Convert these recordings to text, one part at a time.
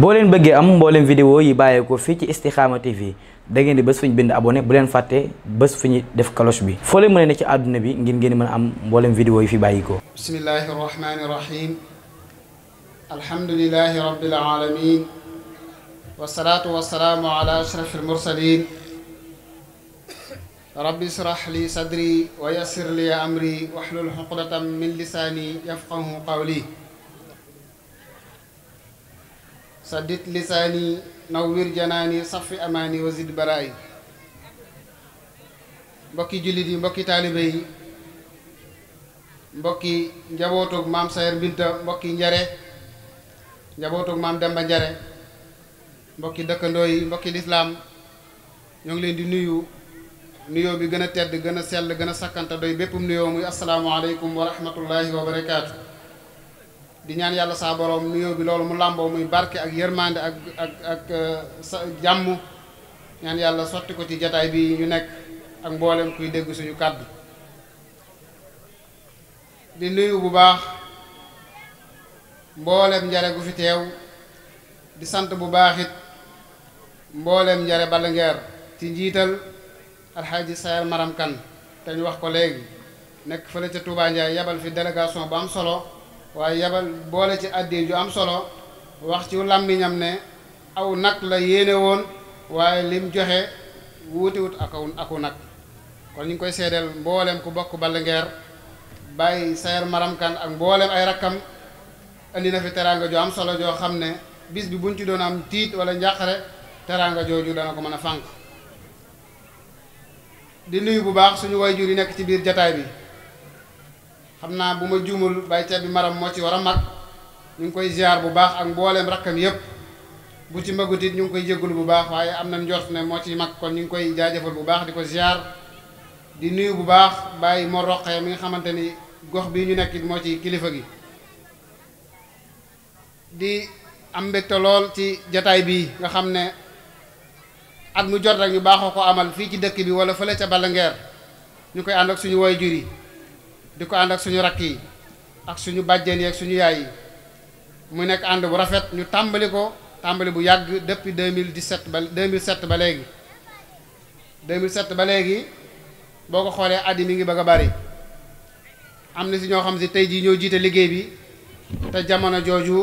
boo leen bëggee am mbooleem vidéo yi bàyyeekoo fii ci Istikhama TV da ngeen di bés fu ñu bind abone bu leen fàtte bés fu ñu def cloche bi foo leen mën a ne ci àdduna bi ngir ngeen mën a am mbooleem vidéo yi fi bàyyikoo bismillahi rahmani rahim alhamdulilahi rabbil alamin wasalaatu wasalaamu ala ashraf almursalin rabbi israh li sadri wa yassir li amri wahlul uqdatam min lisaani yafqahu qawli dit lisaani nawwir janaani saffi amaani wa zid baraayi mbokki jullit yi mbokki taalibe yi mbokki njabootug maam Sayer Binta mbokki njare njabootug maam Demba njare mbokki dëkkandoo yi mbokki lislaam ñoo ngi leen di nuyu nuyoo bi gën a tedd gën a sell gën a sakkanta doy béppum nuyoo muy asalaamaaleykum wa rahmatullahi wa barakaatu di ñaan yàlla saa borom nuyoo bi loolu mu làmboo muy barke ak yërmande ak ak ak euh, sa jàmm ñaan yàlla sotti ko ci jataay bi ñu nekk ak mboolem kuy dégg suñu kàddu di nuyu bu baax mbooleem njare gu fi teew di sant bu baaxit it mboolem njare balangeer ci njiital alxaaji sayar maram kan te ñu wax ko léegi nekk fële ca Touba Ndiaye yabal fi délégation bu am solo waaye yabal boole ci addi ju am solo wax ci làmmiñam ne aw nag la yéene woon waaye lim joxe wuutiwut akaw aku nag kon ñu ngi koy seedeel mboolem ku bokk Balenguer bàyyi Sayer Maram Kane ak mboolem ay rakkam indi na fi teraanga joo am solo joo xam ne bis bi buñ ci doon am tiit wala njàqare teraanga jooju dana ko mën a fànq di nuyu bu baax suñu jur yi nekk ci biir jataay bi xam naa bu ma juumul bay ceeb bi maram moo ci war a mag ñu ngi koy ziar bu baax ak mbooleem rakkam yépp bu ci magut it ñu ngi koy jégalu bu baax waaye am na njort ne moo ci mag kon ñu ngi koy jaajafal bu baax di ko ziar di nuyu bu baax bàyyi moo roqee mi nga xamante ni gox bii ñu nekk moo ci kilifa gi di am mbégte lool ci jataay bii nga xam ne at mu jot rek ñu baaxoo ko amal fii ci dëkk bi wala fële ca Balanguer ñu koy ànd ak suñu woy jur yi di ko ànd ak suñu rakk yi ak suñu bàjjeen yi ak suñu yaay yi mu nekk ànd bu rafet ñu tàmbali ko tàmbali bu yàgg depuis 2017 ba 2007 ba léegi 2007 ba léegi boo ko xoolee at yi ngi bëgg a bari am na si ñoo xam si tey jii ñoo jiite liggéey bi te jamono jooju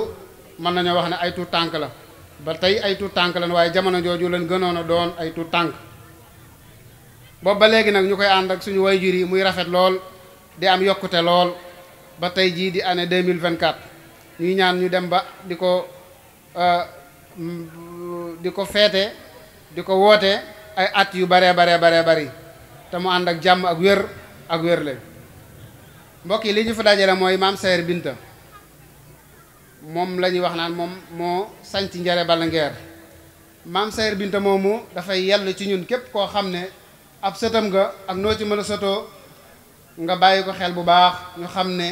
mën na nañoo wax ne ay tuut tànk la ba tey ay tuut tànk lan waaye jamono jooju leen gënoon a doon ay tuut tànk boobu ba léegi nag ñu koy ànd ak suñu wayjur yi muy rafet lool di am yokkute lool ba tey jii di mille vingt 2024 ñuy ñaan ñu dem ba di ko euh, mm, di ko feete di ko woote ay at yu baree baree baree bari te mu ànd ak jàmm ak wér ak wérle mbokk yi li ñu fa dajale mooy maam Sayer Binta moom lañuy wax naan moom moo sanc njare Balanguer maam Sayer Binta moomu dafay yell ci ñun képp koo xam ne ab sëtam nga ak noo ci mën a sotoo nga bàyyi ko xel bu baax ñu xam ne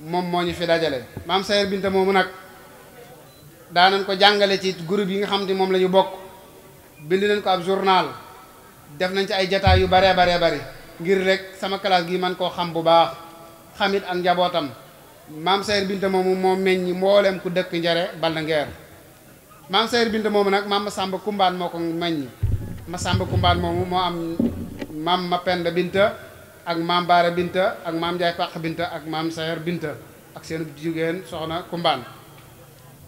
moom moo ñu fi dajale maam Sayer Binta moomu nag daanañ ko jàngale ci groupe yi nga xam ne moom la bokk bind nañ ko ab journal def nañ ci ay jataay yu baree baree bari ngir rek sama classe gi man koo xam bu baax xamit ak njabootam maam Sayer Binta moomu moo meñ mboolem ku dëkk njare balla ngeer maam Sayer Binta moomu nag maam Masamba Kumbaan moo ko meññ Masamba Kumbaan moomu moo am maam Mapenda Binta ak maam Baara Binta ak maam Njaay Pàq Binta ak maam Sayar Binta ak seen jigéen soxna Kumbaan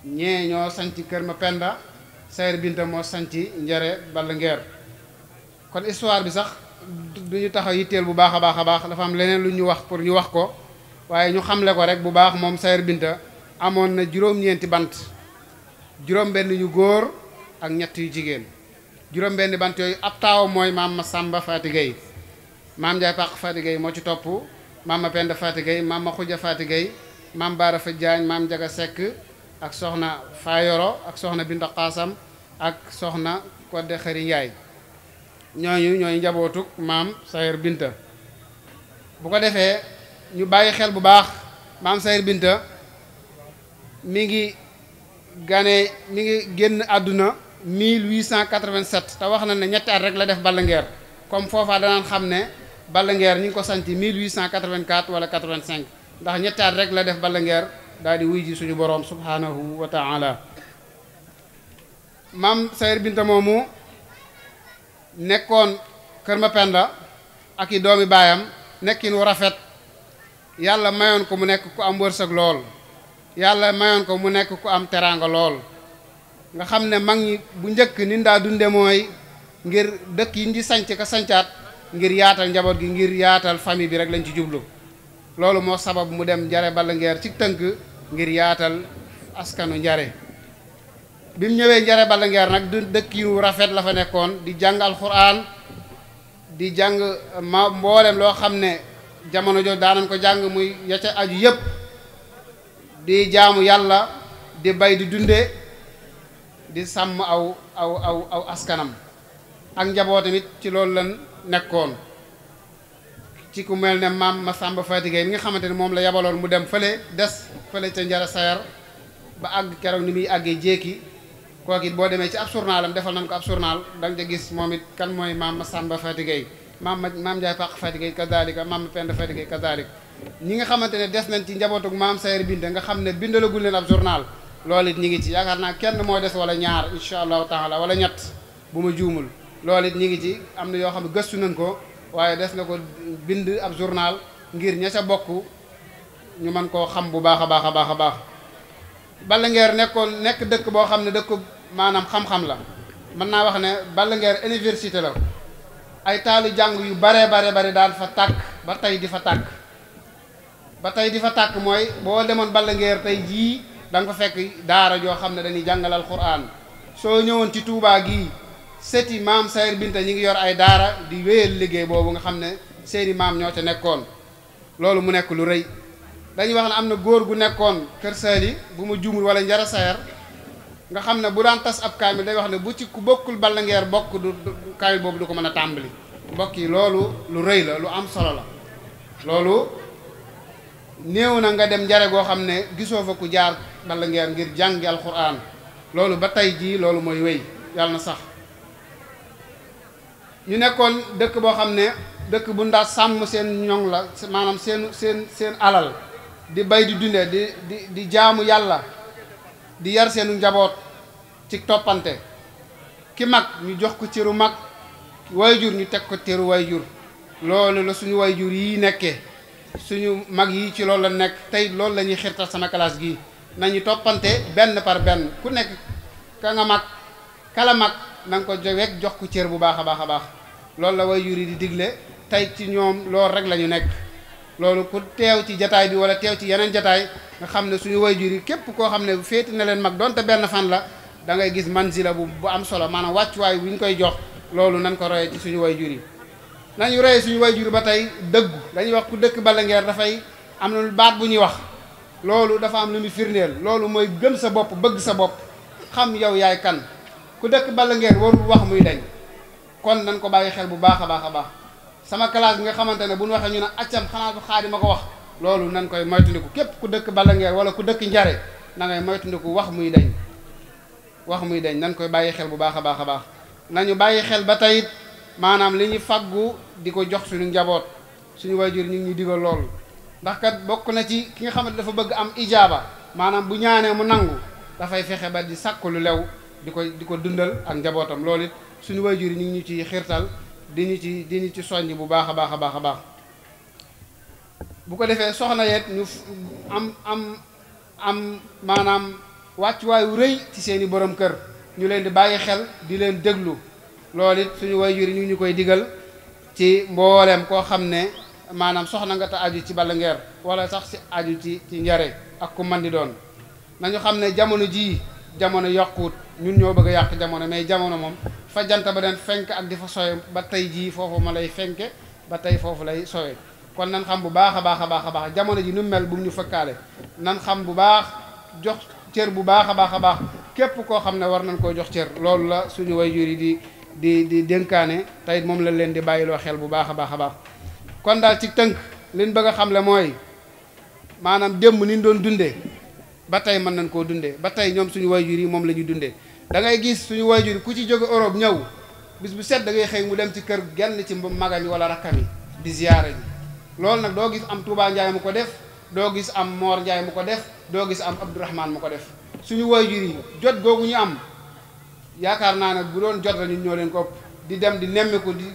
ñee ñoo sanc kër ma Penda Sayar Binta moo sanc njare ball ngeer kon histoire bi sax du ñu taxaw yitteel bu baax a baax a baax dafa am leneen lu ñu wax pour ñu wax ko waaye ñu xamle ko rek bu baax moom Sayar Binta amoon na juróom-ñeenti bant juróom-benn yu góor ak ñett yu jigéen juróom-benn bant yooyu ab taaw mooy maam Masamba Faati Gay maam Ndiaye Paq Faty moo ci topp maam ma Penda Faty Gueye maam ma Xuja Faty maam Baara Fa Jaañ maam Njaga Sekk ak soxna Fayoro ak soxna Binta Xaasam ak soxna Kodde Xari Njaay ñooñu ñooy njabootuk maam Sayar Binta bu ko defee ñu bàyyi xel bu baax maam Sayar mi ngi gane mi ngi génn àdduna 1887 te wax na ne ñetti at rek la def Balenguer comme foofaa danaan xam ne Ballanguer ñu ngi ko sanc 1884 wala 85 ndax ñettaat at rek la def Ballanguer daal di wuy ji suñu boroom subhaanahu wa taala maam Sayar Binta moomu nekkoon Kër Mapenda ak i doomi baayam nekkin wu rafet yàlla mayoon ko mu nekk ku am wërsëg lool yàlla mayoon ko mu nekk ku am teraanga lool nga xam ne mag ñi bu njëkk nin daa dunde mooy ngir dëkk yi di sanc ka sancaat ngir yaatal njaboot gi ngir yaatal famille bi rek lañ ci jublu loolu moo sabab mu dem njare balla ci tënk ngir yaatal askanu njare bi mu ñëwee njare balla ngeer nag du dëkkiwu rafet la fa nekkoon di jàng alxuraan di jàng ma mboolem loo xam ne jamono jooju daanañ ko jàng muy yaca aju yépp di jaamu yàlla di bay di dunde di sàmm aw aw aw askanam ak njaboot ci loolu lan nekkoon ci ku mel ne maam ma Masamba Fatigay mi nga xamante ne moom la yabaloon mu dem fële des fële ca njara sayar ba àgg keroog ni muy àggee jékki kooku it boo demee ci ab journalam defal nañ ko ab journal danga ca gis moom it kan mooy maam ma Masamba Fatigay maam maam Ndiaye Paq Fatigay kadalika maam Penda Fatigay kadalika ñi nga xamante ne des nañ ci njabootug maam Sayar Binte nga xam ne bindalagul leen ab journal loolu it ñu ngi ci yaakaar naa kenn moo des wala ñaar incha allahu taala wala ñett bu ma juumul loolu it ñu ngi ci am na yoo xam ne gëstu nañ ko waaye des na ko bind ab journal ngir ña ca bokk ñu mën koo xam bu baax a baax a baax a baax Balanguère nekkoon nekk dëkk boo xam ne dëkk maanaam xam-xam la mën naa wax ne Balanguère université la ay taalu jàng yu bare bare bare daan fa tàkk ba tey di fa tàkk ba tey di fa tàkk mooy boo demoon Balanguère tey jii da nga fa fekk daara joo xam ne dañuy jàngalal Alxuraan soo ñëwoon ci Tuubaa gii seti maam Sayar Binta ñi ngi yor ay daara di wéyal liggéey boobu nga xam ne seeni maam ñoo ca nekkoon loolu mu nekk lu rëy dañuy wax ne am na góor gu nekkoon kër yi bu ma jumul wala njara Sayar nga xam ne bu daan tas ab kaamil day wax ne bu ci ku bokkul ballangeer bokk du kaamil boobu du ko mën a tàmbali mbokk yi loolu lu rëy la lu am solo la loolu néew na nga dem njare goo xam ne gisoo fa ku jaar ballangeer ngir jàngi alxuraan loolu ba tey jii loolu mooy wéy yàlla na sax ñu nekkoon dëkk boo xam ne dëkk bu ndaa sàmm seen ñoŋ la maanaam seen seen seen alal di bay di dunde di di di jaamu yàlla di yar seenu njaboot ci toppante ki mag ñu jox ko cëru mag jur ñu teg ko cëru jur loolu la suñu jur yi nekkee suñu mag yi ci loolu la nekk tey loolu la ñuy xirtal sama classe gi nañu toppante benn par benn ku nekk ka nga mag kala mag na ko jowek jox ko cër bu baax a baax a baax loolu la way yuri di digle tey ci ñoom loolu rek la ñu nekk loolu ku teew ci jataay bi wala teew ci yeneen jataay nga xam ne suñu way yi képp koo xam ne féete na leen mag donte benn fan la da ngay gis manzila bu bu am solo maanaam wàccuwaay bu koy jox loolu nañ ko royee ci suñu way juri nañu royee suñu way juri ba tey dëggu dañuy wax ku dëkk bala ngeer dafay am na baat bu ñuy wax loolu dafa am lu firndeel loolu mooy gëm sa bopp bëgg sa bopp xam yow yaay kan ku dëkk balla ngeer warul wax muy dañ kon nañ ko bàyyi xel bu baax a baax a baax sama classe bi nga xamante ne bu ñu waxee ñu ne accam xanaa du xaadi ma ko wax loolu nañ koy moytandiku képp ku dëkk balla ngeer wala ku dëkk njare na ngay moytandiku wax muy dañ wax muy dañ nañ koy bàyyi xel bu baax a baax a baax nañu bàyyi xel ba tey maanaam li ñu faggu di ko jox suñu njaboot suñu jur ñu ngi ñuy digal loolu ndax kat bokk na ci ki nga xamante dafa bëgg am ijaaba maanaam bu ñaanee mu nangu dafay fexe ba di sàkku lu lew di ko di ko dundal ak njabootam loolu it suñu waajur yi ñu ngi ñu ci xiirtal di ñu ci di ci soññ bu baax a baax a baax a baax bu ko defee soxna yet ñu am am am maanaam wàccuwaayu rëy ci seeni borom kër ñu leen di bàyyi xel di leen déglu loolu it suñu waajur yi ñu ngi ñu koy digal ci mbooleem koo xam ne maanaam soxna nga te aju ci Balanguère wala sax si aju ci ci njare ak ku man di doon nañu xam ne jamono jii jamono yàquwut ñun ñoo bëgg a yàq jamono mais jamono moom fa jant ba den fenk ak di fa sowe ba tey jii foofu ma lay fenke ba tey foofu lay sowe kon nan xam bu baax a baax a baax a baax jamono ji nu mel bu mu ñu fëkkaale nan xam bu baax jox cër bu baax a baax a baax képp koo xam ne war nañ koo jox cër loolu la suñu waajur yi di di di dénkaane teyit moom la leen di bàyyiloo xel bu baax a baax a baax kon daal ci tënk leen bëgg a xamle mooy maanaam démb niñ doon dundee ba tey mën nañ koo dundee ba tey ñoom suñu jur yi moom la ñuy dundee dangay gis suñu wayjur yi ku ci jóge Europe ñëw bis bu set da ngay xëy mu dem ci kër genn ci magam yi wala rakkam yi di ziyaara ji loolu nag doo gis am Touba Ndiaye mu ko def doo gis am moor Ndiaye mu ko def doo gis am Abdourahman mu ko def suñu wayjur yi jot googu ñu am yaakaar naa ne bu doon jot la ñun ñoo leen ko di dem di nemmiku di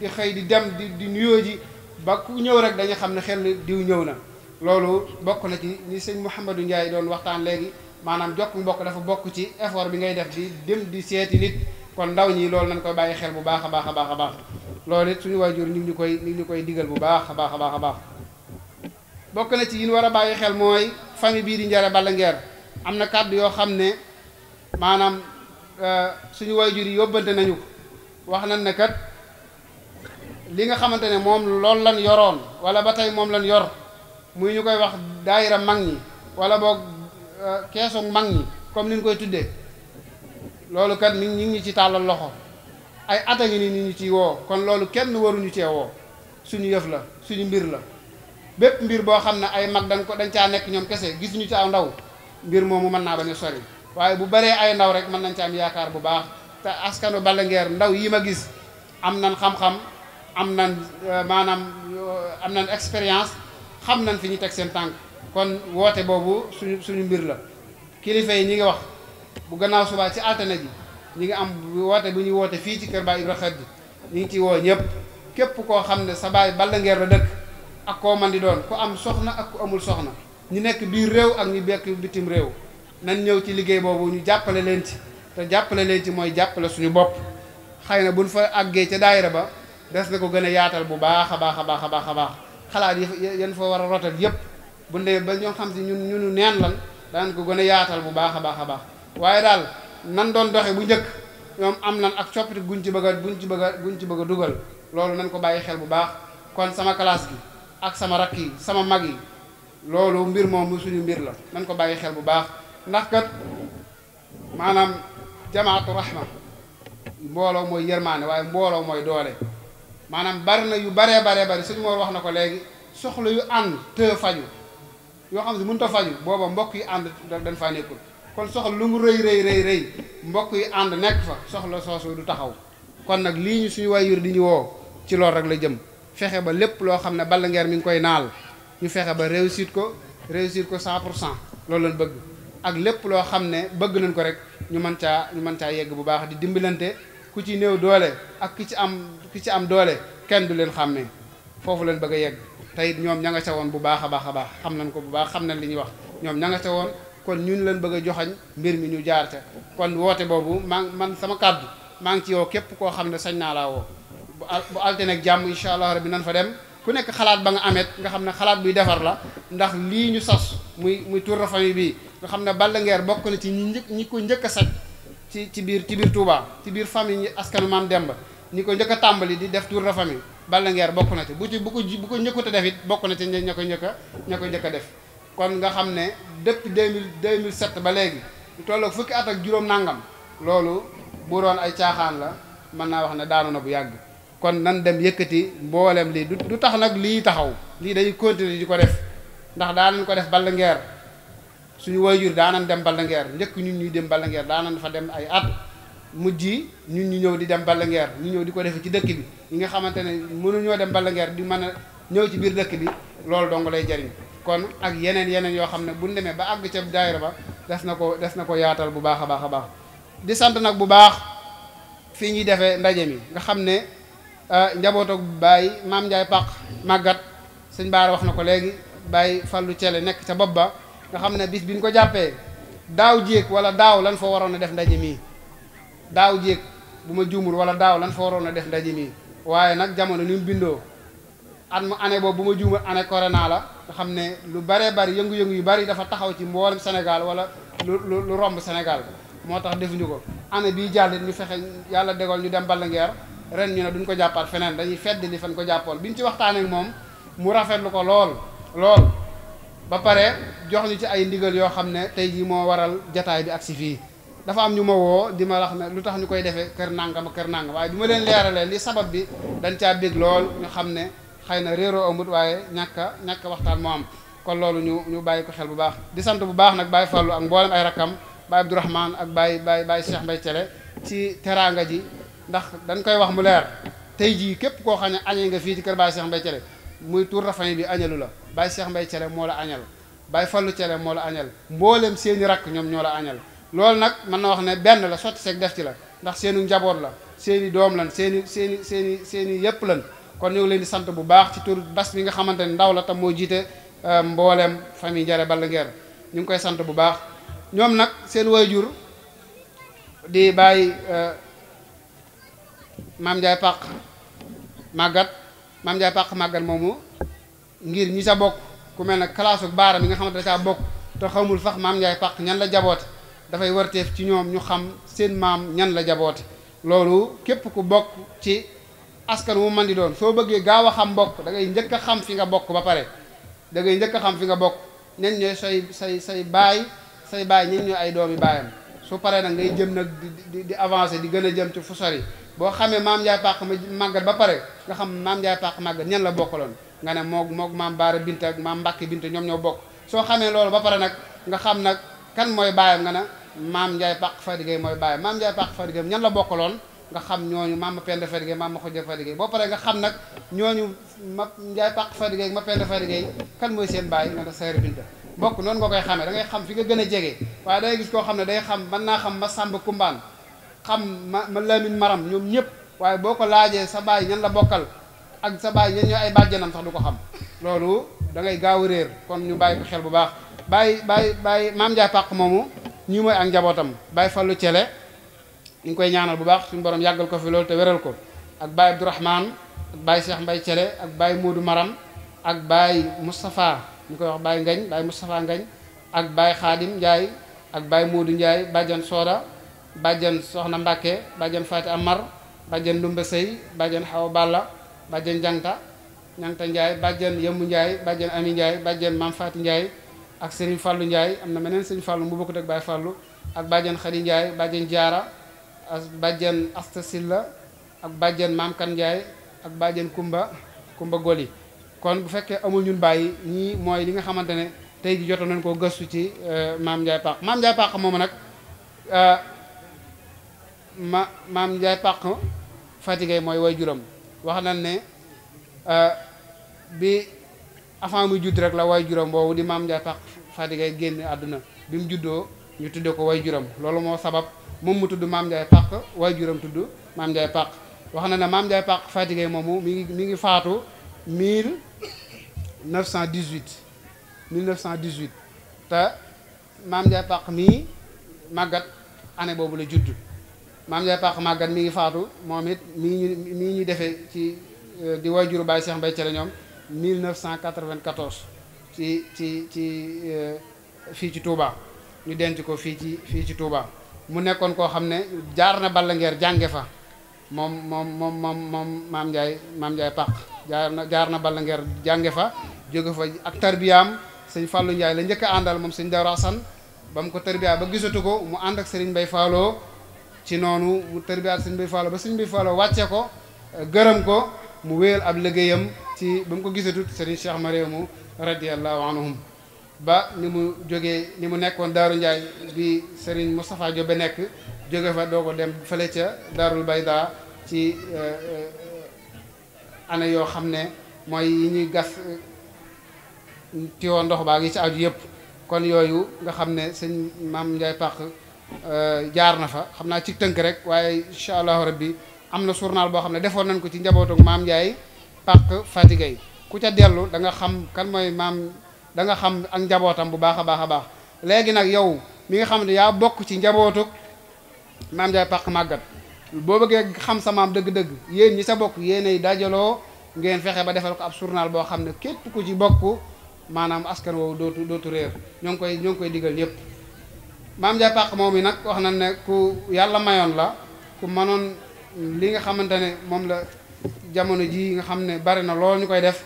di xëy di dem di di nuyoo ji ba ku ñëw rek dañu xam ne xel diw ñëw na loolu bokk na ci ni sëñ Mouhamadou Ndiaye doon waxtaan léegi maanaam jokk mbokk dafa bokk ci effort bi ngay def di dem di seeti nit kon ndaw ñi loolu nañ ko bàyyi xel bu baax baax a baax a baax loolu it suñu waajur ñu ngi ñu koy ñu koy digal bu baax baax a baax a baax bokk na ci yi war a bàyyi xel mooy famille bii di njare balla ngeer am na kàddu yoo xam ne maanaam euh, suñu waajur yi yóbbante nañu wax nañ ne kat li nga xamante ne moom loolu lan yoroon wala ba tey moom lan yor muy ñu koy wax daayira mag ñi wala boog euh, keesu mag ñi comme ni ñu koy tuddee loolu kat nit ñu ngi ci tàllal loxo ay at a ngi ni woo kon loolu kenn waruñu cee woo suñu yëf la suñu mbir la bépp mbir boo xam ne ay mag dañ ko dañ caa nekk ñoom kese gis ñu ci aw ndaw mbir moomu mën naa bañ a sori waaye bu baree ay ndaw rek mën nañ ci am yaakaar bu baax te askanu Balenguer ndaw yi ma gis am nan xam-xam am nan euh, maanaam euh, am nan expérience xam nañ fi ñu teg seen tànk kon woote boobu suñu suñu mbir la kilifa yi ñu ngi wax bu gannaaw subaa ci altine ji ñi ngi am woote bu ñuy woote fii ci kër Baay Ibra Xadi ñi ngi ciy woo ñëpp képp koo xam ne sa baay balla ngeer la dëkk ak koo man di doon ku am soxna ak ku amul soxna ñu nekk biir réew ak ñu bekk bitim réew nan ñëw ci liggéey boobu ñu jàppale leen ci te jàppale leen ci mooy jàppale suñu bopp xëy na bu buñ fa àggee ca daayira ba des na ko gën a yaatal bu baax a baax a baax a baax a baax xalaat yi yan fa war a rotal yépp bu ndee ba ñoo xam si ñun ñunu neen lan daan ko gën a yaatal bu baax a baax a baax waaye daal nan doon doxe bu njëkk ñoom am nan ak coppite guñ ci bëgg a guñ ci bëgg a guñ ci bëgg a dugal loolu nan ko bàyyi xel bu baax kon sama kalaas gi ak sama rakk yi sama mag yi loolu mbir moom suñu mbir la nan ko bàyyi xel bu baax ndax kat maanaam jamaatu rahma mbooloo mooy yërmaane waaye mbooloo mooy doole maanaam bari na yu baree baree bari suñu moor wax na ko léegi soxla yu ànd te faju yoo xam ne mënut a faju booba mbokk yi ànd dañ faa nekkul kon soxla lu mu rëy rëy rëy rëy mbokk yi ànd nekk fa soxla soosu du taxaw kon nag lii ñu suñu waayur di ñu woo ci loolu rek la jëm fexe ba lépp loo xam ne Balla Nguer mi ngi koy naal ñu fexe ba réussir ko réussir ko 100 pour cent loolu lañ bëgg ak lépp loo xam ne bëgg nañ ko rek ñu mën caa ñu mën caa yegg bu baax di dimbilante ku ci néew doole ak ki ci am ki ci am doole kenn du leen xàmmee foofu leen bëgg a yegg teyit ñoom ña nga ca woon bu baax a baax a baax xam nañ ko bu baax xam nañ li ñuy wax ñoom ña nga ca woon kon ñun leen bëgg a joxañ mbir mi ñu jaarte kon woote boobu maa man sama kàddu maa ngi ci yow képp koo xam ne sañ naa laa woo bu al altine ak jàmm incha allah bi nan fa dem ku nekk xalaat ba nga amet nga xam ne xalaat buy defar la ndax lii ñu sas muy muy tour de bi xam ne Balla Nguer bokk na ci ñi ñi ko njëkk a saj ci ci biir ci biir Touba ci biir famille askanu maam Demba ñi ko njëkk a tàmbali di def tour de famille Balla Nguer bokk na ci bu ci bu ko ji bu ko njëkkut a def it bokk na ci ña ko njëkk ña ko njëkk def kon nga xam ne depuis 2000 2007 ba léegi lu tolloog fukki at ak juróom nangam loolu bu doon ay caaxaan la mën naa wax ne daanu na bu yàgg kon nan dem yëkkati mboolem lii du tax nag lii taxaw lii day continuer di ko def ndax daa nañ ko def Balla Nguer suñu waajur daanan dem Balanguère njëkk ñun ñuy dem Balanguère daanan fa dem ay at mujj yi ñu ñu ñëw di dem Balanguère ñu ñëw di ko defe ci dëkk bi ñi nga xamante ne mënuñoo dem Balanguère di mën a ñëw ci biir dëkk bi loolu dong lay jariñ kon ak yeneen yeneen yoo xam ne buñ demee ba àgg ceeb daayira ba des na ko des na ko yaatal bu baax a baax a baax di sant nag bu baax fii ñuy defee ndaje mi nga xam ne ah, njabootu Baye maam Ndiaye Paq màggat sëñ Baara wax na ko léegi Baye Fallou Thiele nekk ca bopp ba nga xam ne bis bi ñu ko jàppee daaw jéeg wala daaw lan foo waroon a def ndaje mii daaw jéeg bu ma juumul wala daaw lan foo waroon a def ndaje mii waaye nag jamono ni mu bindoo at mu année boobu bu ma juumul année corona la nga xam ne lu bare bari yëngu-yëngu yu bari dafa taxaw ci mboolem Sénégal wala lu lu romb Sénégal moo tax defuñu ko année bii jàll ñu fexe yàlla dégool ñu dem Balanguer ren ñu ne duñ ko jàppaat feneen dañuy fedd li fan ko jàppoon bi ñu ci waxtaanee moom mu rafetlu ko lool lool. ba pare jox ñu ci ay ndigal yoo xam ne tey jii moo waral jataay bi ak si fii dafa am ñu ma woo di ma wax ne lu tax ñu koy defee kër nangam kër nangam waaye bi ma leen leeralee li sabab bi dañ caa bég lool ñu xam ne xëy na réeroo amut waaye ñàkk a ñàkk waxtaan moo am kon loolu ñu ñu bàyyi ko xel bu baax di sant bu baax nag Baye Fallou ak mboolem ay rakkam Baye Abdourahmane ak Baye Baye Baye Cheikh Mbaye Thielé ci teraanga ji ndax dañ koy wax mu leer tey jii képp koo xam ne añee nga fii ci kër Baye Mbaye Thielé muy tour rafet bi añalu la Baye seex mbay cere moo la añal Baye Fallou cere moo la añal mboolem seeni rakk ñoom ñoo la añal loolu nag mën na wax ne benn la sotti seek def ci la ndax seenu njaboot la seeni doom lan seeni seeni seeni seeni yëpp lan kon ñu leen di sant bu baax ci tur bas bi nga xamante ne ndaw la tam moo jiite euh, mboolem famille Ndiare Balla Nguer ñu ngi koy sant bu baax ñoom nag seen waajur di bàyyi euh, maam Ndiaye Pàq màggat maam Pàq màggat moomu ngir ñi sa bokk ku mel ne kalaasu baara mi nga xamante da bokk te xamul sax maam Njaay ñan la jaboote dafay warteef ci ñoom ñu xam seen maam ñan la jaboote loolu képp ku bokk ci askan wu man di doon soo bëggee gaaw a xam bokk dangay njëkk a xam fi nga bokk ba pare da njëkk xam fi nga bokk ñen ñooy say say say baay say baay ñen ñooy ay doomi baayam su paree nag ngay jëm nag di di avancer di gën a jëm ci fu sori boo xamee maam Njaay pàq ma màggat ba pare nga xam maam Njaay pàq màggat ñan la bokkaloon nga ne moog moog maam Baara Binta ak maam Mbacke Binta ñoom ñoo bokk soo xamee loolu ba pare nag nga xam nag kan mooy baayam nga ne maam Ndiaye Paq Fadigay mooy baayam maam Ndiaye Paq Fadigay ñan la bokkaloon nga xam ñooñu maam ma Penda Fadigay maam ma Xujja Fadigay boo paree nga xam nag ñooñu ma Ndiaye Paq Fadigay ma Penda Fadigay kan mooy seen baay nga ne Sayar Binta bokk noonu nga koy xamee da ngay xam fi nga gën a jege waaye da ngay gis koo xam ne day xam mën naa xam ma Samba Kumbaan xam ma ma Lamine Maram ñoom ñëpp waaye boo ko laajee sa baay ñan la bokkal ak sa baay ñen ñoo ay bàjjanam sax du ko xam loolu dangay ngay gaaw a réer kon ñu bàyyi ko xel bu baax bàyyi bàyyi bàyyi maam Ndiaye pàq moomu ñi mooy ak njabootam bàyyi fallu cele ñu ngi koy ñaanal bu baax suñu borom yàggal ko fi loolu te weral ko ak bàyyi Abdourahman ak bàyyi Cheikh Mbay cele ak bàyyi Moodu Maram ak bàyyi Moustapha ñu koy wax bàyyi Ngañ bàyyi Moustapha Ngañ ak bàyyi Xaadim Ndiaye ak bàyyi Moodu Ndiaye bàjjan Sooda bàjjan Soxna Mbàkke bàjjan Faati Amar bàjjan Ndumbe Sey bàjjan Xawa Balla bàjjen njangta njangta Ndiaye bàjjen Yembu Ndiaye bàjjen Ami Ndiaye bàjjen Mame Fatou Ndiaye ak Serigne Fallou Ndiaye am na meneen Serigne fàllu mu bokkut ak Baye Fallou ak bàjjen Khady Ndiaye bàjjen Diarra ak bàjjen Asta Silla ak bàjjen Mame Kan Ndiaye ak bàjjen Kumba Kumba Goli kon bu fekkee amul ñun bàyyi ñii mooy li nga xamante ne tey ji jotoon nañ koo gëstu ci Mame Ndiaye Pakh Mame Ndiaye Pakh moomu nag euh, ma Mame Ndiaye Pakh Fatigay mooy way juram wax na ne euh, bi avant mu judd rek la way juróom boobu di maam Njaay Paq Fatigay génne àdduna bi mu juddoo ñu tuddee ko waay juróom loolu moo sabab moom mu tudd maam Njaay Paq way juróom tudd maam Njaay Paq wax na ne maam Njaay Paq Fatigay moomu mi ngi mi ngi faatu 1918 1918 te maam Njaay Paq mii màggat année boobu la judd maam Ndiaye Paax màggat mi ngi faatu moom it mii ñu mii ñu defee ci euh, di waajuru Baye Cheikh Mbaye Thiele ñoom 1994 ci ci ci euh, fii ci Touba ñu denc ko fii ci fii ci Touba mu nekkoon koo xam ne jaar na Ballanguer jànge fa moom moom moom moom moom maam Ndiaye maam Ndiaye Paax jaar na jaar na Ballanguer jànge fa jóge fa ak tarbiyaam sëñ Fallou Ndiaye la njëkk a àndal moom sëñ Darou Assane bam ko tarbiyaa ba gisatu ko mu ànd ak Serigne Mbaye Fallou ci noonu mu tarbiyaat sëñ bi faalo ba sëñ bi faalo wàcce ko gërëm ko mu wéyal ab liggéeyam ci ba mu ko gisatut sëriñ Cheikh Mariamu radiyallahu anhum ba ni mu jóge ni mu nekkoon Daaru Njaay bi sëriñ Moustapha ba nekk jóge fa doo ko dem fële ca Daarul Bayda ci eh, eh, année yoo xam ne mooy yi ñuy gas eh, tiwoo ndox baa ngi ci aju yëpp kon yooyu nga xam ne sëñ maam Njaay Pàq Euh, jaar na fa xam naa ci tënk rek waaye incha allahu rabbi am na journal boo xam ne defoon nañ ko ci njabootu maam Ndiaye Pàq Fatiga yi ku ca dellu da nga xam kan mooy maam da nga xam ak njabootam bu baax a baax a baax léegi nag yow mi nga xam ne yaa bokk ci njabootu maam Ndiaye Pàq màggat boo bëggee xam sa maam dëgg-dëgg yéen ñi sa bokk yéenay dajaloo ngeen fexe ba defal ko ab journal boo xam ne képp ku ci bokk maanaam askan woowu dootu dootu réer ñoo ngi koy ñoo ngi koy digal ñëpp. maam Njaay Pàq moom yi nag wax na ne ku yàlla mayoon la ku manoon li nga xamante ne moom la jamono ji nga xam ne bari na lool ñu koy def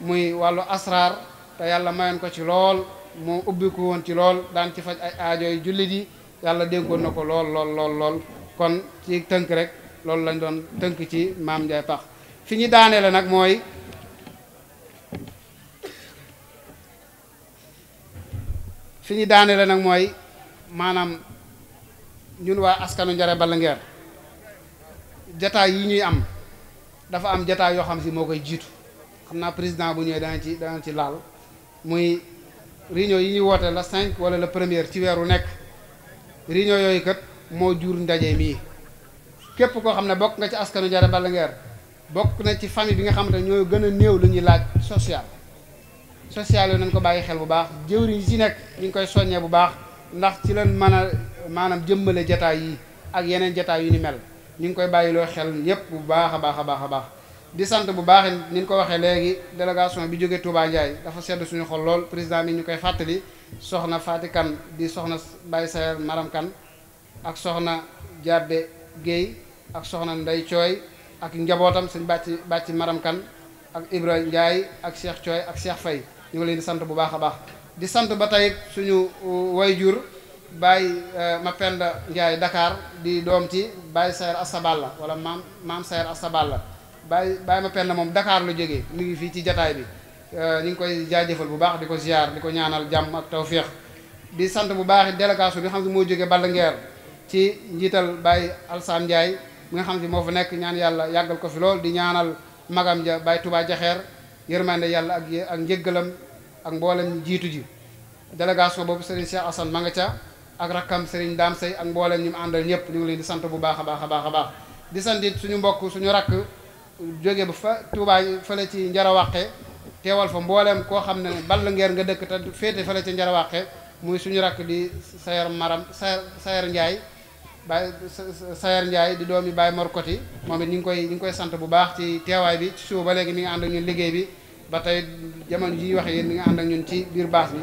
muy wàllu asraar te yàlla mayoon ko ci lool moo ubbiku woon ci lool daan ci faj ay aajooy jullit yi yàlla déggoon na ko lool lool lool kon ci tënk rek loolu lañ doon tënk ci maam Njaay Pàq fi ñu daaneele nag mooy fi ñu daaneele nag mooy maanaam ñun waa askanu njare Balanguer jataay yi ñuy am dafa am jataay yoo xam si moo koy jiitu xam naa président bu ñëwee dana ci dana ci laal muy réunion yi ñuy woote la cinq wala la première ci weeru nekk réunion yooyu kat moo jur ndaje mii képp koo xam ne bokk nga ci askanu njare Balanguer bokk na ci famille bi nga xam ne ñooy gën a néew lu ñuy laaj social social yooyu nañ ko bàyyi xel bu baax jëwriñ yi ci nekk ñu ngi koy soññee bu baax ndax ci lan mën a maanaam jëmmale jataay yi ak yeneen jataay yu ni mel ñu ngi koy bàyyiloo xel ñëpp bu baax a baax a baax a baax di sant bu baax ni ñu ko waxee léegi délégation bi jógee Touba Ndiaye dafa sedd suñu xol lool président bi ñu koy fàttali soxna Fati Kan di soxna Baye Sayar maramkan ak soxna Jabbe Guèye ak soxna Ndey Cooy ak njabootam suñ bàcc bàcc Maram Kan ak ibra Ndiaye ak Cheikh Cooy ak Cheikh Faye ñu ngi leen di sant bu baax a baax di sant ba tey suñu wayjur Baye Mapenda Ndiaye Dakar di doom ci Baye Sayer la wala maam maam Sayer Asaballa Baye Baye Mapenda moom dakaar lu jóge mu ngi fii ci jataay bi e, ñu ngi koy jaajëfal bu baax di ko ziar di ko ñaanal jàmm ak tawféex di sant bu baax délégation bi nga xam ne moo jógee Balla Ngeer ci njiital Baye Alsaan Ndiaye mi nga xam ne moo fa nekk ñaan yàlla yàggal ko fi lool di ñaanal magam ja Baye Touba Jaxeer yërmande yàlla ak ak njëggalam ak mboolem jiitu ji délégation boobu Serigne Cheikh Assane ma nga ca ak rakkam Serigne Dame Sey ak mboolem ñu mu àndal ñëpp ñu ngi leen di sant bu baax a baax a baax a baax di sant it suñu mbokk suñu rakk jóge ba fa fa fële ci Njarawàqe teewal fa mboolem koo xam ne ball ngeen nga dëkk te féete fa fële ci Njarawàqe muy suñu rakk di Sayer Maram Sayer Sayer Ndiaye Baye Sayer Ndiaye di doomi Baye Mor Koti moom it ñu ngi koy ñu ngi koy sant bu baax ci teewaay bi ci suba ba léegi mi ba tey jamono yi waxee yéen mi nga ànd ak ñun ci biir baas bi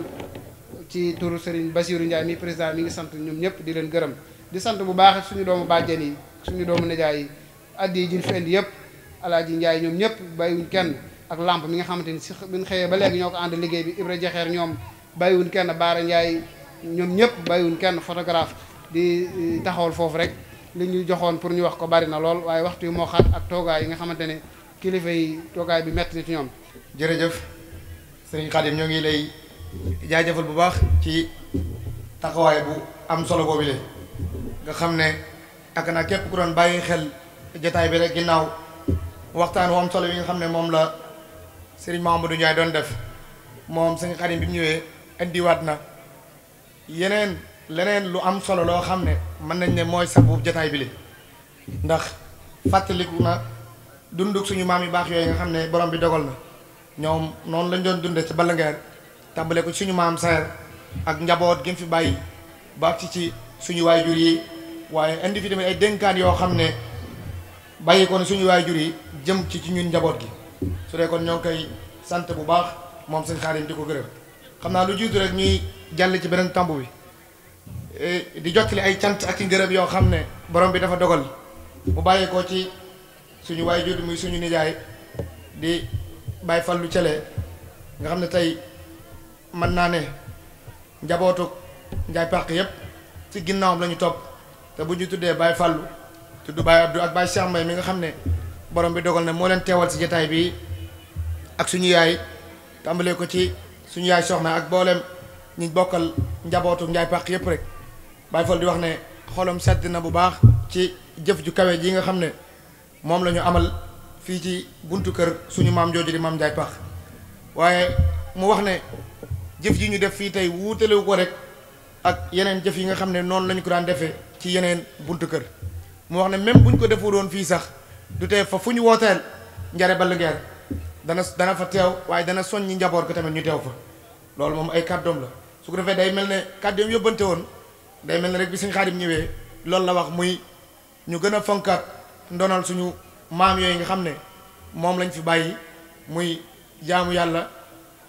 ci turu Serigne Bassirou Ndiaye mi président mi ngi sant ñoom ñëpp di leen gërëm di sant bu baax suñu doomu bàjjen yi suñu doomu nejaay yi addi yi jin fi indi yëpp alaaji Ndiaye ñoom ñëpp bàyyiwuñ kenn ak lamp mi nga xamante ni si buñ xëyee ba léegi ñoo ko ànd liggéey bi Ibra Jaxeer ñoom bàyyiwuñ kenn Baara Ndiaye ñoom ñëpp bàyyiwuñ kenn photographe di eh, taxawal foofu rek li ñu joxoon pour ñu wax ko bari na lool waaye waxtu yi moo xat ak toogaay yi nga xamante ne kilifa yi toogaay bi metti na ci ñoom jërëjëf sëriñ Xaadim ñoo ngi lay jaajëfal bu baax ci taxawaay bu am solo boobu le nga xam ne ak naa képp ku doon bàyyi xel jataay bi rek ginnaaw waxtaan wu am solo yi nga xam ne moom la sëriñ du Ndiaye doon def moom sëriñ Xaadim bi ñëwee indiwaat na yeneen leneen lu am solo loo xam ne mën nañ ne mooy sabu jataay bi li ndax fàttaliku na dunduk suñu maam yu baax yooyu nga xam ne borom bi dogal na ñoom noonu lañ doon dundee ci Balanguer tàmbale ko suñu maam Saer ak njaboot gi mu fi bàyyi ba ci ci suñu waajur yi waaye indi fi tamit ay dénkaan yoo xam ne bàyyi ko ne suñu jur yi jëm ci ci ñun njaboot gi su kon ñoo ngi koy bu baax moom seen xaarim di ko gërëm xam naa lu jiitu rek ñuy jàll ci beneen tamb bi e, di jottali ay cant ak ci ngërëm yoo xam ne borom bi dafa dogal mu bàyyi ko ci suñu waajur muy suñu nijaay di. fal lu Thielé nga xam ne tey mën naa ne njabootu Ndiaye Park yëpp ci ginnaawam la ñu topp te bu ñu tuddee Baye Fallou tudd Baye Abdou ak Baye Cheikh Mbaye mi nga xam ne borom bi dogal na moo leen teewal ci jataay bi ak suñu yaay tàmbalee ko ci suñu yaay soxna ak boolem ñu bokkal njabootu Ndiaye Park yëpp rek Baye Fallou di wax ne xolam sedd na bu baax ci jëf ju kawe ji nga xam ne moom lañu amal. fii ci buntu kër suñu maam jooju di maam Njaay Pax waaye mu wax ne jëf ji ñu def fii tey wuutalewu ko rek ak yeneen jëf yi nga xam ne noonu lañu ko daan defee ci yeneen buntu kër mu wax ne même bu ñu ko defu doon fii sax du tee fa fu ñu wooteel njare ba liggéey dana dana fa teew waaye dana soññi njaboot ko tamit ñu teew fa loolu moom ay kàddoom la su ko defee day mel ne kàddoom yóbbante woon day mel ne rek bi sëñ Xaadim ñëwee loolu la wax muy ñu a fonkaat ndonal maam yooyu nga xam ne moom lañ fi bàyyi muy jaamu yàlla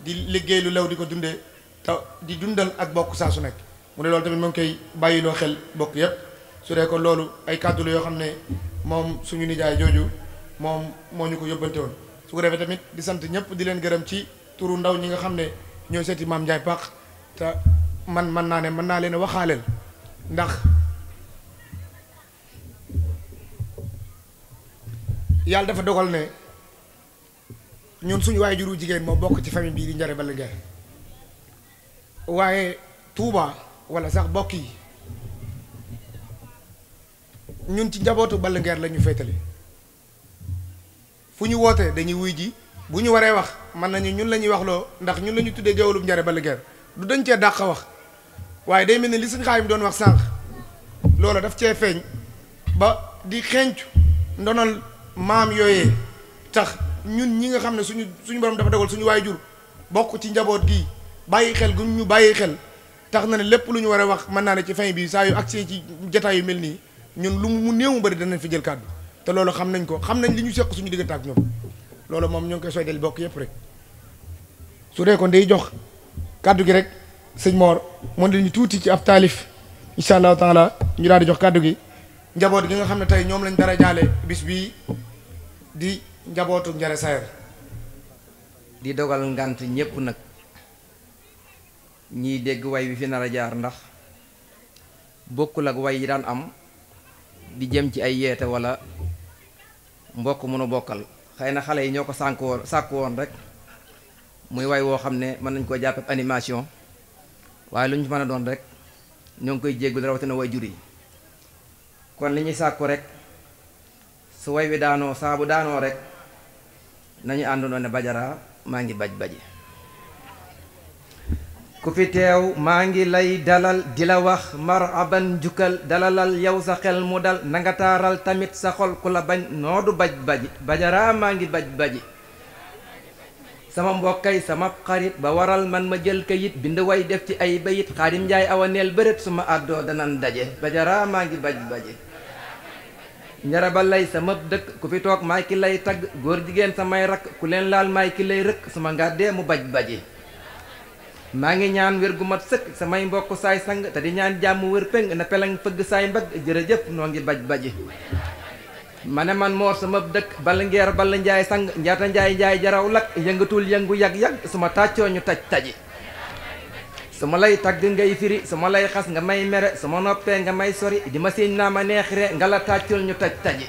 di liggéey lu lew di ko dundee te di dundal ak bokk saa su nekk mu ne loolu tamit mu ngi koy bàyyiloo xel bokk yépp su dee ko loolu ay kàddu la yoo xam ne moom suñu nijaay jooju moom moo ñu ko yóbbante woon su ko defee tamit di sant ñëpp di leen gërëm ci turu ndaw ñi nga xam ne ñoo seeti maam Ndiaye Pakh te man man naa ne mën naa leen a waxaaleel ndax yàlla dafa dogal ne ñun suñu waay juru jigéen moo bokk ci famille bii di Ndiaré Balla Gaye waaye Touba wala sax bokk yi ñun ci njabootu Balla Gaye la ñu féetale fu ñu wootee dañuy wuy ji bu ñu waree wax mën nañu ñun la ñuy wax loo ndax ñun la ñu tuddee géwalub Ndiaré Balla Gaye du dañ cee dàq wax waaye day mel ni li suñ xaayim doon wax sànq loolu daf cee feeñ ba di xeeñcu ndonal maam yooyee tax ñun ñi nga xam ne suñu suñu borom dafa dogal suñu jur bokk ci njaboot gi bàyyi xel gu ñu bàyyi xel tax na ne lépp lu ñu war a wax mën naa ne ci fin bi saa yu accès ci jataay yu mel nii ñun lu mu néew mu bëri danañ fi jël kàddu te loolu xam nañ ko xam nañ li ñu seq suñu diggante ak ñoom loolu moom ñoo ngi koy soydel bokk yëpp rek su dee kon day jox kàddu gi rek sëñ moor mën nañu tuuti ci ab taalif incha allahu taala ñu daal di jox kàddu gi njaboot gi nga xam ne tey ñoom lañ dara jaale bis bii di njabootu njare sayar di dogal ngant ñépp nag ñiy dégg way wi fi nar a jaar ndax bokkul ak way yi daan am di jëm ci ay yeete walla mbokk mënu bokkal xëy na xale yi ñoo ko sànk woon sàkk woon rek muy way woo xam ne mën nañ koo jàpp ak animation waaye lu ñu mën a doon rek ñoo ngi koy jéggul rawatina way jur yi kon li ñuy sàkku rek su way wi daanoo saabu bu daanoo rek nañu àndandoo ne bajaraa maa ngi baj baji ku fi teew maa ngi lay dalal di la wax maraban njukkal dalalal yow sa xel mu dal nanga taaral tamit sa xol ku la bañ noo du baj baji bajaraa maa ngi baj baji sama mbokkay sama xarit ba waral man ma jël kayit bind way def ci ay bayit xaadim njaay awaneel bërét suma àddoo danan daje bajara maa ngi baj baje njaraba lay sama dëkk ku fi toog maay ki lay tagg góor jigéen samay rakk ku leen laal maay ki lay rëkk sama ngàddee mu baj baji maa ngi ñaan wér gu mat sëkk samay mbokk saay sang te di ñaan jàmm wér peng na pelang fëgg saay mbagg jërëjëf noo ngi baj baji ma ne man moor sama dëkk bal ngeer bal njaay sang njaata njaay njaay jaraw lakk yëngatul yëngu yag yag suma tàccoo ñu taj taji su ma lay tagg ngay firi su ma lay xas nga may mere su ma noppee nga may sori di ma siiñ naa ma neexire nga la tàccul ñu taj taji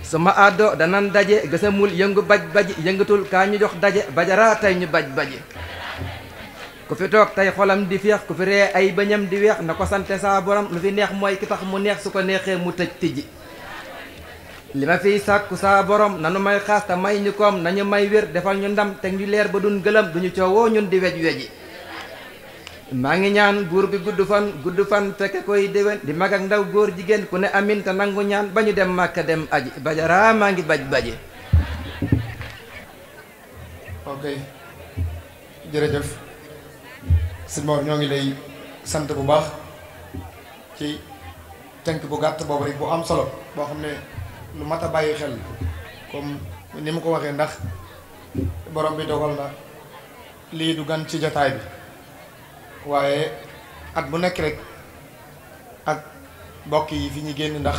su ma àddoo danan daje gësamul yëngu baj baji yëngatul kaa ñu jox daje bajara tey ñu baj baji ku fi toog tey xolam di féex ku fi ree ay bëñam di weex na ko sante saa borom lu fi neex mooy ki tax mu neex su ko neexee mu tëj tijji li ma fiy sàkku saa borom na nanu may xaas te may ñu koom nañu may wér defal ñu ndam teg ñu leer ba dun gëlëm duñu coowoo ñun di wej weji maa ngi ñaan buur bi gudd fan gudd fan fekk koy déwén di mag ak ndaw góor jigéen ku ne amin te nangu ñaan ba ñu dem màkka dem aji bajara maa ngi baj baje ok jërëjëf sëñ Mor ñoo ngi lay sant bu baax ci tënk bu gàtt boobu rek bu am solo boo xam ne lu mat a bàyyi xel comme ni mu ko waxee ndax borom bi dogal na lii du gan ci jataay bi waaye at bu nekk rek ak mbokk yi fi ñu génn ndax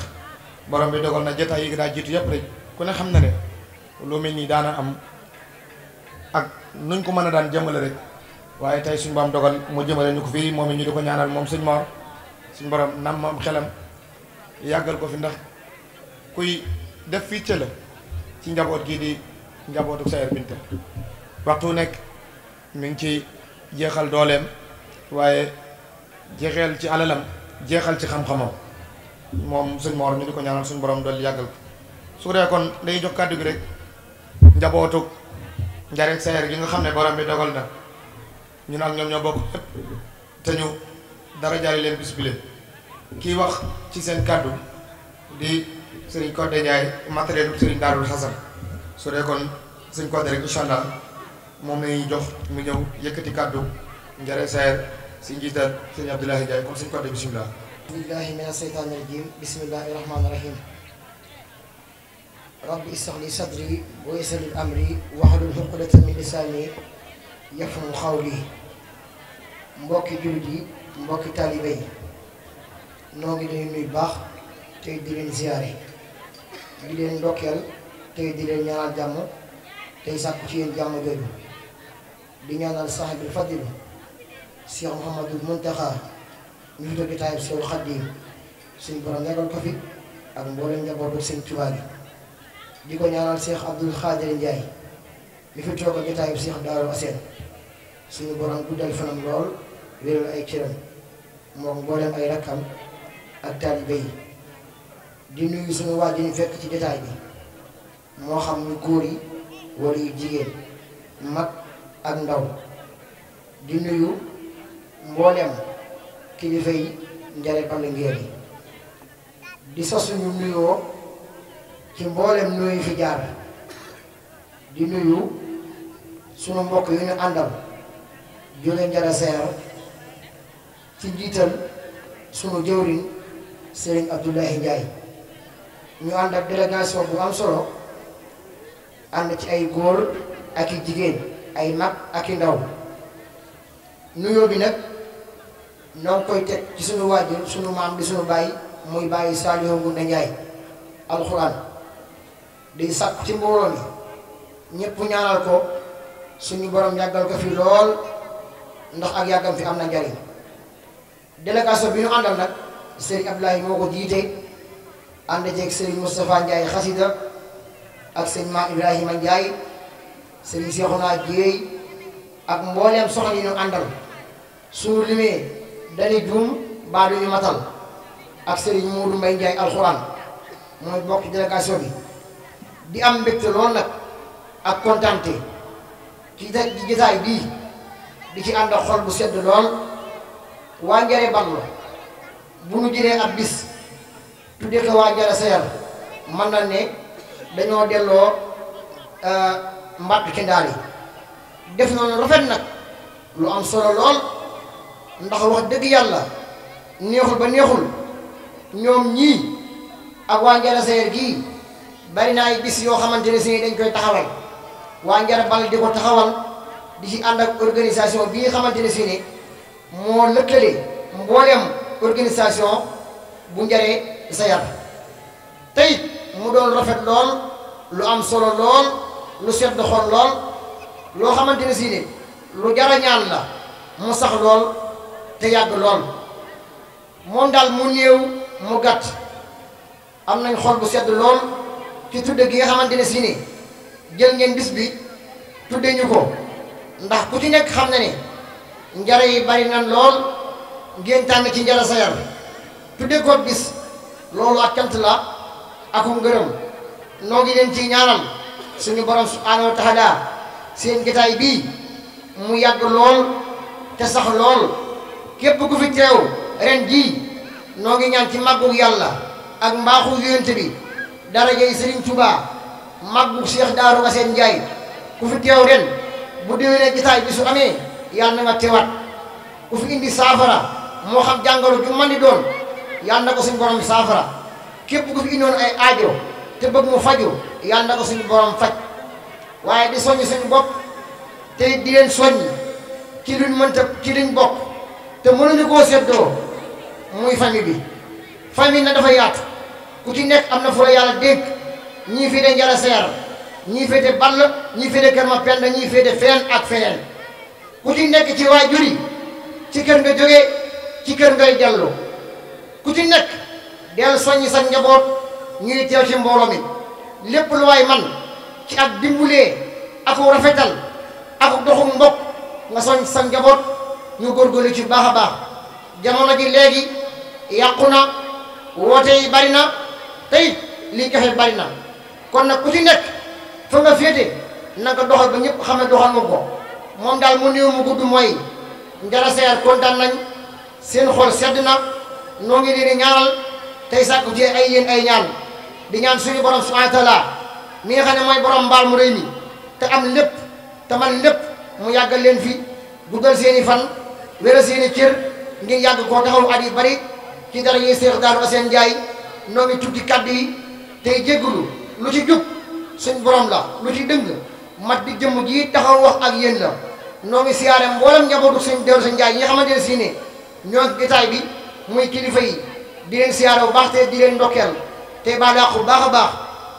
boroom bi dogal na jotaay yi daa jiitu yëpp rek ku ne xam na ne lu mel nii daana am ak nuñ ko mën a daan jëmale rek waaye tey suñ borom dogal mu jëmale ñu ko fii moom it ñu di ko ñaanal moom suñ Mor suñ borom nam moom xelam yàggal ko fi ndax kuy def fii ca la ci njaboot gii di njabootu Sayer Binta waxtu nekk mi ngi ci jeexal dooleen waaye jeexeel ci alalam jeexal ci xam-xamam moom suñ moor ñu di ko ñaanal suñ borom dool yàggal su ko defee kon dañuy jox kàddu gi rek njabootu njareeg sayer gi nga xam ne borom bi dogal na ñun ak ñoom ñoo bokk te ñu dara jaari leen bis bile wax ci seen kàddu di sëriñ Codé Ndiaye matériel bu sëriñ Daarul Xasan su dee kon sëriñ Codé rek incha allah moom la ñuy jox mu ñëw yëkkati kàddu Ndiare Saer si njiital sëñ Abdoulaye Ndiaye kon suñu côté bisimilah. billahi mina seytaani rajim bismillahi rahmaani rahim. rabbi ishrah li sadri wa yassir li amri wahlul mbokki jullit yi mbokki taalibe yi noo ngi leen nuyu baax tey di leen ziyaare di leen ndokkeel tey di leen ñaanal jàmm tey sàkku ci yéen jàmm jooju di ñaanal saaxibil fadil Cheikh Mouhamadou Mountakha mi ngi doon jotaayam Seexul Xadiim suñu borom yàggal ko fi ak mboolem njabootu sëñ Tuubaa gi di ko ñaanal Cheikh Abdoul Khadir Ndiaye mi fi toog a jotaayam Cheikh Darou Assène suñu borom guddal fanam lool wéral ay cëram ay rakkam ak taalibe yi ci jotaay bi moo xam ñu góor yi wala yu jigéen mag ak ndaw di nuyu. mboolem kilifa yi njare di sos ñu nuyoo ci mboolem nuyu fi di nuyu sunu mbokk yu ñu àndal jóge njara seer ci njiital sunu jëwriñ Serigne Abdoulaye Ndiaye ñu ànd ak bu am solo ànd ci ay góor ak i jigéen ay mag ak i ndaw nuyoo bi nag noo koy teg ci suñu waajur suñu maam di suñu bàyyi muy bàyyi Sadio Ngounda Ndiaye alxuraan di sàkk ci mbooloo mi ñëpp ñaanal ko suñu boroom yàggal ko fi lool ndax ak yàggam fi am na njariñ délégation bi ñu àndal nag Serigne Abdoulaye moo ko jiite ànd ceeg Serigne Moustapha Ndiaye xasida ak sëñ Ma Ibrahima Ndiaye Serigne Cheikhouna Dieye ak mbooleem soxna yi ñu àndal suñu limee dañuy juum baa duñu matal ak Serigne Modou Mbaye Ndiaye alxuraan mooy bokk ci délégation bi di am mbégte lool nag ak kontante ci ci bii di ci ànd ak xol bu sedd lool waa Ndiéré Banlo bu nu jëlee ab bis tuddee ko waa Ndiéré Sayar mën na ne dañoo delloo euh, mbàtt ci ndaal yi def noonu rafet nag lu am solo lool. ndax wax dëgg yàlla neexul ba neexul ñoom ñii ak waa njara seer gii bari na bis yoo xamante ne si dañ koy taxawal waa njara bal di ko taxawal di ci ànd ak organisation bi nga xamante ne si ne moo lëkkale mboolem organisation bu njare sa yar tey mu doon rafet lool lu am solo lool lu sedd xol lool loo xamante ne si ne lu jara la mu sax lool te yàgg lool moom daal mu néew mu gàtt am nañ xol bu sedd lool ci tudde gi nga xamante ne si ni jël ngeen bis bi tudde ñu ko ndax ku ci nekk xam na ni njara yi bari nan lool ngeen tànn ci njara sayar tudde ko bis loolu ak cant la akum ngërëm noo ngi leen ciy ñaanal suñu borom subhaanahu wa taala seen jotaay bii mu yàgg lool te sax lool képp ku fi teew ren jii noo ngi ñaan ci màggug yàlla ak mbaaxu yonent bi darajey Serigne Touba màggug Cheikh Darou Assane Ndiaye ku fi teew ren bu déwénee jotaay bi su amee yàlla na nga teewaat ku fi indi saafara moo xam jàngoro ju mën di doon yàlla na ko suñu borom saafara képp ku fi indoon ay aajo te bëgg mu faju yàlla na ko suñu borom faj waaye di soññ suñu bopp te di leen soññ ci luñ mënta ci luñ bokk. te mënuñu koo seddoo muy famille bi famille na dafa yaatu ku ci nekk am na fu la yàlla dénk ñii fi de njara seer ñii féete ball ñii féete kër ma pend ñii féete feneen ak feneen ku ci nekk ci waajur yi ci kër nga jógee ci kër ngay dellu ku ci nekk del soññi sa njaboot ñuy teew ci mbooloo mi lépp lu waay man ci ak dimbulee aku rafetal aku doxu mbokk nga soñ sa njaboot ñu góorgóorlu ci baax a baax jamono ji léegi yàqu na woote bari na tey lii joxe bari na kon nag ku ci nekk fa nga féete na nga doxal ba ñëpp xam ne doxal nga ko moom daal mu néew mu gudd mooy Ndiara Seer kontaan nañ seen xool sedd na noo ngi leen di tey sàkku ci ay yéen ay ñaan di ñaan suñu borom subhanahu wa taala mi nga xam ne mooy borom mbaal mu rëy te am lépp te man lépp mu yàggal leen fi guddal seeni fan. wéra seeni cër ngir yàgg koo taxaw at yi bari ci dara ñuy seex daanu aseen njaay noo ngi tuddi kàddu yi tey jéggulu lu ci jub suñ borom la lu ci dëng mat bi jëmm ji taxaw wax ak yéen la noo ngi siyaare mboolem njabootu suñ deeru sa njaay yi nga xamante ne si ne ñoo ngi gitaay bi muy kilifa yi di leen siyaare bu baax te di leen ndokkeel te baa dàqu baax a baax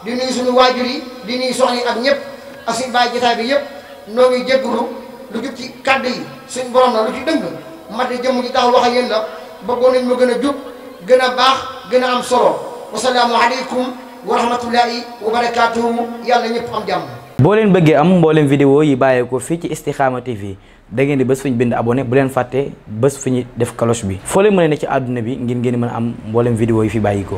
di suñu waajur yi di nuyu soxna yi ak ñëpp ak suñu baay gitaay bi yëpp noo ngi jéggulu lu jub ci kàddu yi suñ borom la lu ci dëng mate jëmm ji taxaw wax ak yéen la bëggoon nañ ma gën a jub gën a baax gën a am solo wasalaamu aleykum wa yàlla ñëpp am jàmm. boo leen bëggee am mboolem vidéo yi bàyyeekoo fii ci Istikhama TV da ngeen di bés fu ñu bind abonné bu leen fàtte bés fu ñu def cloche bi foo leen mën a ne ci àdduna bi ngir ngeen mën a am mboolem vidéo yi fi bàyyikoo